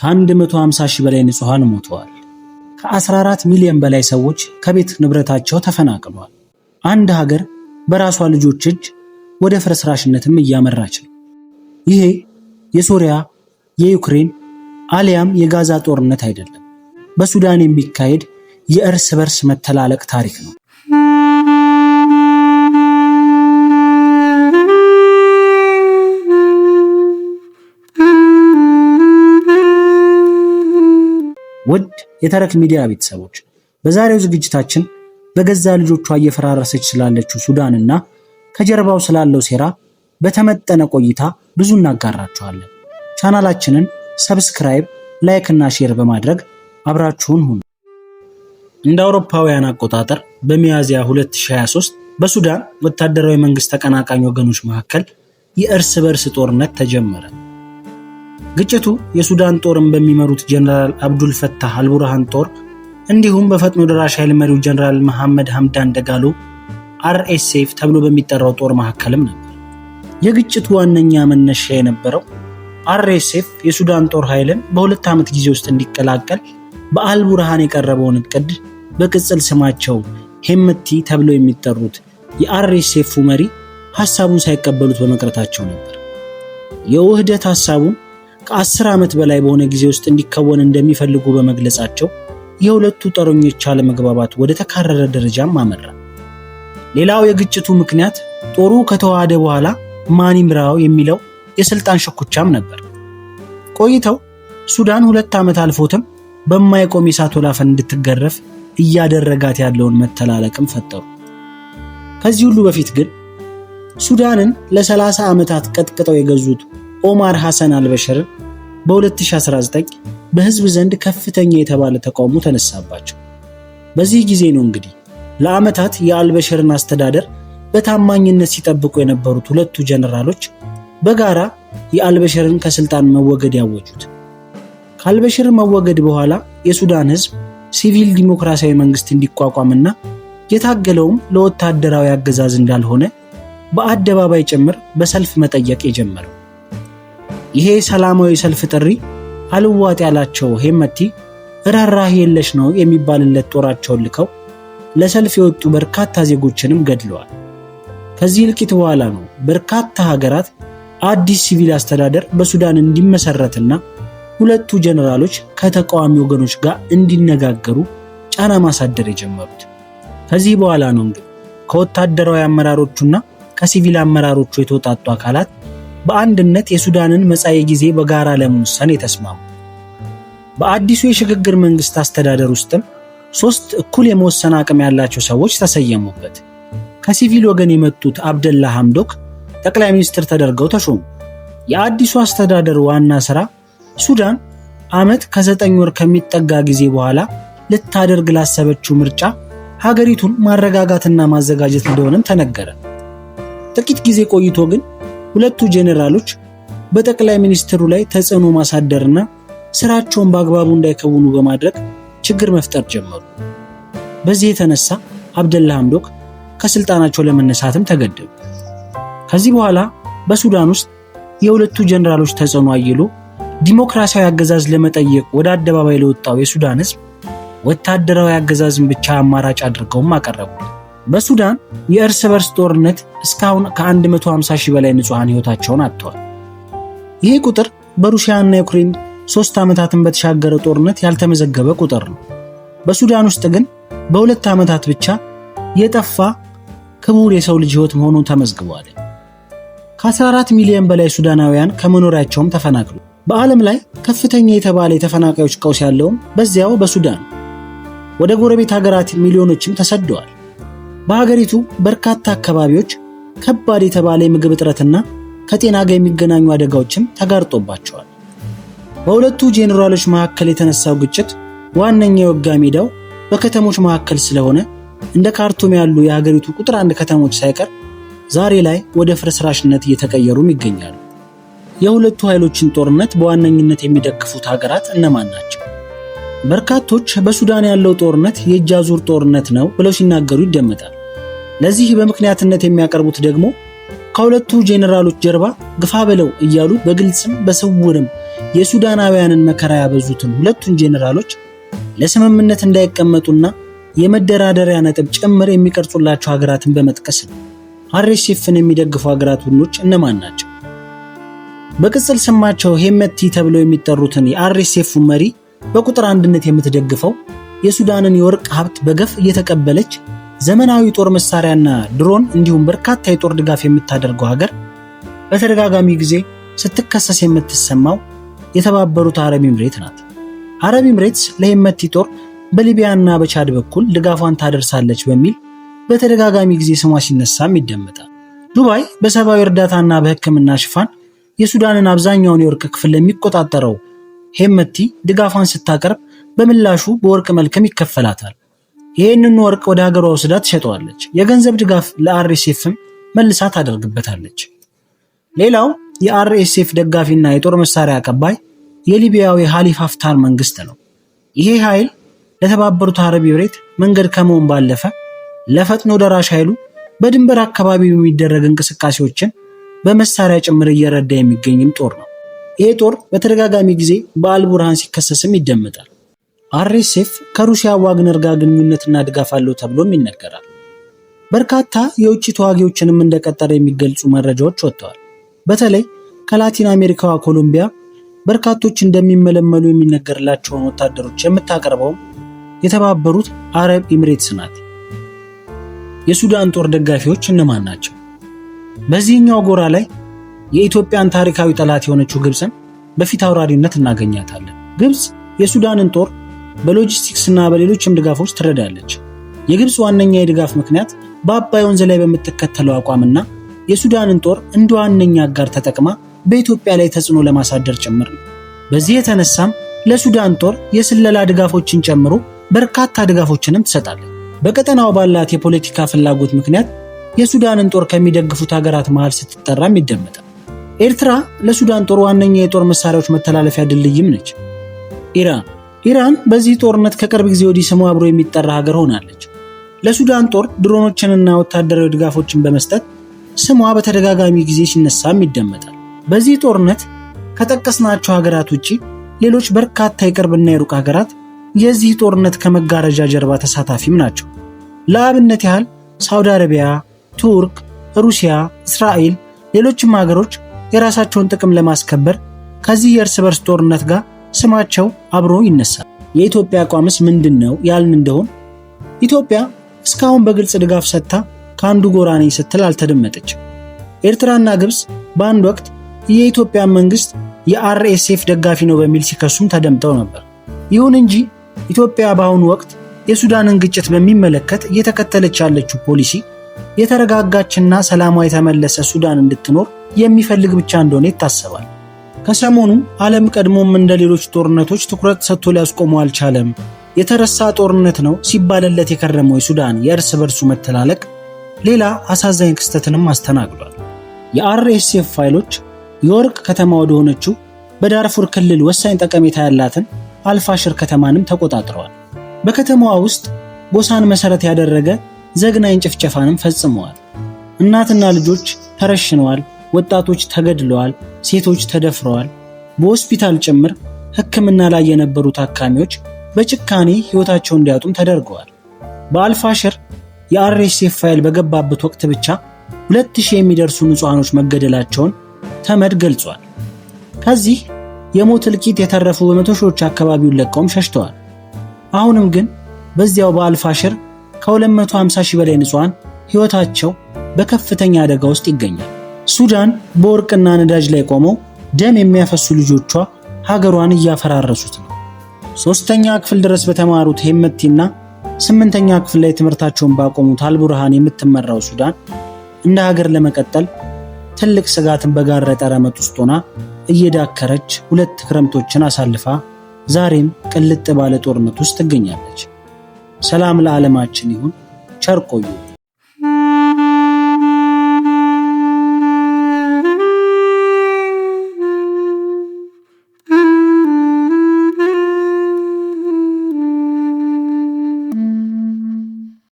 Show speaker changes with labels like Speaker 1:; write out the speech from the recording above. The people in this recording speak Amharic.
Speaker 1: ከ150 ሺህ በላይ ንጹሐን ሞተዋል። ከ14 ሚሊዮን በላይ ሰዎች ከቤት ንብረታቸው ተፈናቅሏል። አንድ ሀገር በራሷ ልጆች እጅ ወደ ፍርስራሽነትም እያመራች ነው። ይሄ የሶሪያ የዩክሬን አሊያም የጋዛ ጦርነት አይደለም። በሱዳን የሚካሄድ የእርስ በርስ መተላለቅ ታሪክ ነው። ውድ የተረክ ሚዲያ ቤተሰቦች በዛሬው ዝግጅታችን በገዛ ልጆቿ እየፈራረሰች ስላለችው ሱዳንና ከጀርባው ስላለው ሴራ በተመጠነ ቆይታ ብዙ እናጋራችኋለን። ቻናላችንን ሰብስክራይብ፣ ላይክ እና ሼር በማድረግ አብራችሁን ሁኑ። እንደ አውሮፓውያን አቆጣጠር በሚያዝያ 2023 በሱዳን ወታደራዊ መንግስት ተቀናቃኝ ወገኖች መካከል የእርስ በእርስ ጦርነት ተጀመረ። ግጭቱ የሱዳን ጦርን በሚመሩት ጀነራል አብዱል ፈታህ አልቡርሃን ጦር እንዲሁም በፈጥኖ ደራሽ ኃይል መሪው ጀነራል መሐመድ ሐምዳን ደጋሎ አርኤስኤፍ ተብሎ በሚጠራው ጦር መካከልም ነበር። የግጭቱ ዋነኛ መነሻ የነበረው አርኤስኤፍ የሱዳን ጦር ኃይልን በሁለት ዓመት ጊዜ ውስጥ እንዲቀላቀል በአልቡርሃን የቀረበውን እቅድ በቅጽል ስማቸው ሄምቲ ተብለው የሚጠሩት የአርኤስኤፉ መሪ ሐሳቡን ሳይቀበሉት በመቅረታቸው ነበር። የውህደት ሐሳቡን ከአስር ዓመት በላይ በሆነ ጊዜ ውስጥ እንዲከወን እንደሚፈልጉ በመግለጻቸው የሁለቱ ጦረኞች አለመግባባት ወደ ተካረረ ደረጃም አመራ። ሌላው የግጭቱ ምክንያት ጦሩ ከተዋሃደ በኋላ ማን ይምራው የሚለው የስልጣን ሽኩቻም ነበር። ቆይተው ሱዳን ሁለት ዓመት አልፎትም በማይቆም የእሳት ወላፈን እንድትገረፍ እያደረጋት ያለውን መተላለቅም ፈጠሩ። ከዚህ ሁሉ በፊት ግን ሱዳንን ለሰላሳ ዓመታት ቀጥቅጠው የገዙት ኦማር ሐሰን አልበሽር በ2019 በህዝብ ዘንድ ከፍተኛ የተባለ ተቃውሞ ተነሳባቸው። በዚህ ጊዜ ነው እንግዲህ ለዓመታት የአልበሽርን አስተዳደር በታማኝነት ሲጠብቁ የነበሩት ሁለቱ ጀነራሎች በጋራ የአልበሽርን ከስልጣን መወገድ ያወጁት። ከአልበሽር መወገድ በኋላ የሱዳን ህዝብ ሲቪል ዲሞክራሲያዊ መንግስት እንዲቋቋምና የታገለውም ለወታደራዊ አገዛዝ እንዳልሆነ በአደባባይ ጭምር በሰልፍ መጠየቅ የጀመረው ይሄ ሰላማዊ ሰልፍ ጥሪ አልዋጥ ያላቸው ሄመቲ ራራህ የለሽ ነው የሚባልለት ጦራቸውን ልከው ለሰልፍ የወጡ በርካታ ዜጎችንም ገድለዋል። ከዚህ እልቂት በኋላ ነው በርካታ ሀገራት አዲስ ሲቪል አስተዳደር በሱዳን እንዲመሰረትና ሁለቱ ጀነራሎች ከተቃዋሚ ወገኖች ጋር እንዲነጋገሩ ጫና ማሳደር የጀመሩት። ከዚህ በኋላ ነው እንግዲህ ከወታደራዊ አመራሮቹና ከሲቪል አመራሮቹ የተውጣጡ አካላት በአንድነት የሱዳንን መጻኤ ጊዜ በጋራ ለመወሰን የተስማሙ። በአዲሱ የሽግግር መንግስት አስተዳደር ውስጥም ሶስት እኩል የመወሰን አቅም ያላቸው ሰዎች ተሰየሙበት። ከሲቪል ወገን የመጡት አብደላ ሐምዶክ ጠቅላይ ሚኒስትር ተደርገው ተሾሙ። የአዲሱ አስተዳደር ዋና ሥራ ሱዳን ዓመት ከዘጠኝ ወር ከሚጠጋ ጊዜ በኋላ ልታደርግ ላሰበችው ምርጫ ሀገሪቱን ማረጋጋትና ማዘጋጀት እንደሆነም ተነገረ። ጥቂት ጊዜ ቆይቶ ግን ሁለቱ ጄኔራሎች በጠቅላይ ሚኒስትሩ ላይ ተጽዕኖ ማሳደርና ስራቸውን በአግባቡ እንዳይከውኑ በማድረግ ችግር መፍጠር ጀመሩ። በዚህ የተነሳ አብደላ ሐምዶክ ከስልጣናቸው ለመነሳትም ተገደዱ። ከዚህ በኋላ በሱዳን ውስጥ የሁለቱ ጄኔራሎች ተጽዕኖ አይሎ ዲሞክራሲያዊ አገዛዝ ለመጠየቅ ወደ አደባባይ ለወጣው የሱዳን ህዝብ ወታደራዊ አገዛዝን ብቻ አማራጭ አድርገውም አቀረቡ። በሱዳን የእርስ በርስ ጦርነት እስካሁን ከ150 ሺህ በላይ ንጹሐን ሕይወታቸውን አጥተዋል። ይህ ቁጥር በሩሲያና ዩክሬን ሦስት ዓመታትን በተሻገረ ጦርነት ያልተመዘገበ ቁጥር ነው። በሱዳን ውስጥ ግን በሁለት ዓመታት ብቻ የጠፋ ክቡር የሰው ልጅ ሕይወት መሆኑ ተመዝግቧል። ከ14 ሚሊዮን በላይ ሱዳናውያን ከመኖሪያቸውም ተፈናቅሉ። በዓለም ላይ ከፍተኛ የተባለ የተፈናቃዮች ቀውስ ያለውም በዚያው በሱዳን ወደ ጎረቤት ሀገራት ሚሊዮኖችም ተሰደዋል። በሀገሪቱ በርካታ አካባቢዎች ከባድ የተባለ የምግብ እጥረትና ከጤና ጋር የሚገናኙ አደጋዎችም ተጋርጦባቸዋል። በሁለቱ ጄኔራሎች መካከል የተነሳው ግጭት ዋነኛ የውጊያ ሜዳው በከተሞች መካከል ስለሆነ እንደ ካርቱም ያሉ የሀገሪቱ ቁጥር አንድ ከተሞች ሳይቀር ዛሬ ላይ ወደ ፍርስራሽነት እየተቀየሩም ይገኛሉ። የሁለቱ ኃይሎችን ጦርነት በዋነኝነት የሚደግፉት ሀገራት እነማን ናቸው? በርካቶች በሱዳን ያለው ጦርነት የእጅ አዙር ጦርነት ነው ብለው ሲናገሩ ይደመጣል። ለዚህ በምክንያትነት የሚያቀርቡት ደግሞ ከሁለቱ ጄኔራሎች ጀርባ ግፋ በለው እያሉ በግልጽም በስውርም የሱዳናውያንን መከራ ያበዙትን ሁለቱን ጄኔራሎች ለስምምነት እንዳይቀመጡና የመደራደሪያ ነጥብ ጭምር የሚቀርጹላቸው ሀገራትን በመጥቀስ ነው። አርኤስኤፍን የሚደግፉ ሀገራት ቡድኖች እነማን ናቸው? በቅጽል ስማቸው ሄመቲ ተብለው የሚጠሩትን የአርኤስኤፉን መሪ በቁጥር አንድነት የምትደግፈው የሱዳንን የወርቅ ሀብት በገፍ እየተቀበለች ዘመናዊ ጦር መሳሪያና ድሮን እንዲሁም በርካታ የጦር ድጋፍ የምታደርገው ሀገር በተደጋጋሚ ጊዜ ስትከሰስ የምትሰማው የተባበሩት አረብ ኤምሬት ናት። አረብ ኤምሬትስ ለሄመቲ ጦር በሊቢያና በቻድ በኩል ድጋፏን ታደርሳለች በሚል በተደጋጋሚ ጊዜ ስሟ ሲነሳም ይደመጣል። ዱባይ በሰብአዊ እርዳታና በሕክምና ሽፋን የሱዳንን አብዛኛውን የወርቅ ክፍል ለሚቆጣጠረው ሄመቲ ድጋፏን ስታቀርብ በምላሹ በወርቅ መልክም ይከፈላታል። ይህንን ወርቅ ወደ ሀገሯ ወስዳ ትሸጠዋለች። የገንዘብ ድጋፍ ለአርኤስኤፍም መልሳ ታደርግበታለች። ሌላው የአርኤስኤፍ ደጋፊና የጦር መሳሪያ አቀባይ የሊቢያዊ ሀሊፍ ሀፍታር መንግስት ነው። ይሄ ኃይል ለተባበሩት አረብ ኤምሬት መንገድ ከመሆን ባለፈ ለፈጥኖ ደራሽ ኃይሉ በድንበር አካባቢ የሚደረግ እንቅስቃሴዎችን በመሳሪያ ጭምር እየረዳ የሚገኝም ጦር ነው። ይሄ ጦር በተደጋጋሚ ጊዜ በአልቡርሃን ሲከሰስም ይደመጣል። አርኤስኤፍ ከሩሲያ ዋግነር ጋር ግንኙነትና ድጋፍ አለው ተብሎም ይነገራል። በርካታ የውጭ ተዋጊዎችንም እንደቀጠረ የሚገልጹ መረጃዎች ወጥተዋል። በተለይ ከላቲን አሜሪካዋ ኮሎምቢያ በርካቶች እንደሚመለመሉ የሚነገርላቸውን ወታደሮች የምታቀርበውም የተባበሩት አረብ ኤምሬትስ ናት። የሱዳን ጦር ደጋፊዎች እነማን ናቸው? በዚህኛው ጎራ ላይ የኢትዮጵያን ታሪካዊ ጠላት የሆነችው ግብፅን በፊት አውራሪነት እናገኛታለን። ግብፅ የሱዳንን ጦር በሎጂስቲክስ እና በሌሎችም ድጋፎች ትረዳለች። የግብፅ ዋነኛ የድጋፍ ምክንያት በአባይ ወንዝ ላይ በምትከተለው አቋምና የሱዳንን ጦር እንደ ዋነኛ አጋር ተጠቅማ በኢትዮጵያ ላይ ተጽዕኖ ለማሳደር ጭምር ነው። በዚህ የተነሳም ለሱዳን ጦር የስለላ ድጋፎችን ጨምሮ በርካታ ድጋፎችንም ትሰጣለች። በቀጠናው ባላት የፖለቲካ ፍላጎት ምክንያት የሱዳንን ጦር ከሚደግፉት ሀገራት መሃል ስትጠራም ይደመጣል። ኤርትራ ለሱዳን ጦር ዋነኛ የጦር መሳሪያዎች መተላለፊያ ድልድይም ነች። ኢራን ኢራን በዚህ ጦርነት ከቅርብ ጊዜ ወዲህ ስሙ አብሮ የሚጠራ ሀገር ሆናለች። ለሱዳን ጦር ድሮኖችንና ወታደራዊ ድጋፎችን በመስጠት ስሟ በተደጋጋሚ ጊዜ ሲነሳም ይደመጣል። በዚህ ጦርነት ከጠቀስናቸው ሀገራት ውጪ ሌሎች በርካታ የቅርብና የሩቅ ሀገራት የዚህ ጦርነት ከመጋረጃ ጀርባ ተሳታፊም ናቸው። ለአብነት ያህል ሳውዲ አረቢያ፣ ቱርክ፣ ሩሲያ፣ እስራኤል፣ ሌሎችም ሀገሮች የራሳቸውን ጥቅም ለማስከበር ከዚህ የእርስ በርስ ጦርነት ጋር ስማቸው አብሮ ይነሳል። የኢትዮጵያ አቋምስ ምንድን ነው ያልን እንደሆን ኢትዮጵያ እስካሁን በግልጽ ድጋፍ ሰጥታ ከአንዱ ጎራ ነኝ ስትል አልተደመጠችም። ኤርትራና ግብፅ በአንድ ወቅት የኢትዮጵያን መንግስት የአርኤስኤፍ ደጋፊ ነው በሚል ሲከሱም ተደምጠው ነበር። ይሁን እንጂ ኢትዮጵያ በአሁኑ ወቅት የሱዳንን ግጭት በሚመለከት እየተከተለች ያለችው ፖሊሲ የተረጋጋችና ሰላሟ የተመለሰ ሱዳን እንድትኖር የሚፈልግ ብቻ እንደሆነ ይታሰባል። ከሰሞኑ ዓለም ቀድሞም እንደ ሌሎች ጦርነቶች ትኩረት ሰጥቶ ሊያስቆመው አልቻለም። የተረሳ ጦርነት ነው ሲባልለት የከረመው የሱዳን የእርስ በርሱ መተላለቅ ሌላ አሳዛኝ ክስተትንም አስተናግዷል። የአርኤስኤፍ ፋይሎች የወርቅ ከተማ ወደሆነችው በዳርፉር ክልል ወሳኝ ጠቀሜታ ያላትን አልፋሽር ከተማንም ተቆጣጥረዋል። በከተማዋ ውስጥ ጎሳን መሠረት ያደረገ ዘግናኝ ጭፍጨፋንም ፈጽመዋል። እናትና ልጆች ተረሽነዋል። ወጣቶች ተገድለዋል፣ ሴቶች ተደፍረዋል። በሆስፒታል ጭምር ሕክምና ላይ የነበሩ ታካሚዎች በጭካኔ ሕይወታቸውን እንዲያጡም ተደርገዋል። በአልፋሽር የአርኤስኤፍ ፋይል በገባበት ወቅት ብቻ ሁለት የሚደርሱ ንጹሐኖች መገደላቸውን ተመድ ገልጿል። ከዚህ የሞት እልቂት የተረፉ በመቶ ሺዎች አካባቢውን ለቀውም ሸሽተዋል። አሁንም ግን በዚያው በአልፋሽር ከ250 ሺህ በላይ ንጹሐን ሕይወታቸው በከፍተኛ አደጋ ውስጥ ይገኛል። ሱዳን በወርቅና ነዳጅ ላይ ቆመው ደም የሚያፈሱ ልጆቿ ሀገሯን እያፈራረሱት ነው። ሶስተኛ ክፍል ድረስ በተማሩት ሄመቲና ስምንተኛ ክፍል ላይ ትምህርታቸውን ባቆሙት አልቡርሃን የምትመራው ሱዳን እንደ ሀገር ለመቀጠል ትልቅ ስጋትን በጋረጠ ረመጥ ውስጥ ሆና እየዳከረች ሁለት ክረምቶችን አሳልፋ ዛሬም ቅልጥ ባለ ጦርነት ውስጥ ትገኛለች። ሰላም ለዓለማችን ይሁን። ቸር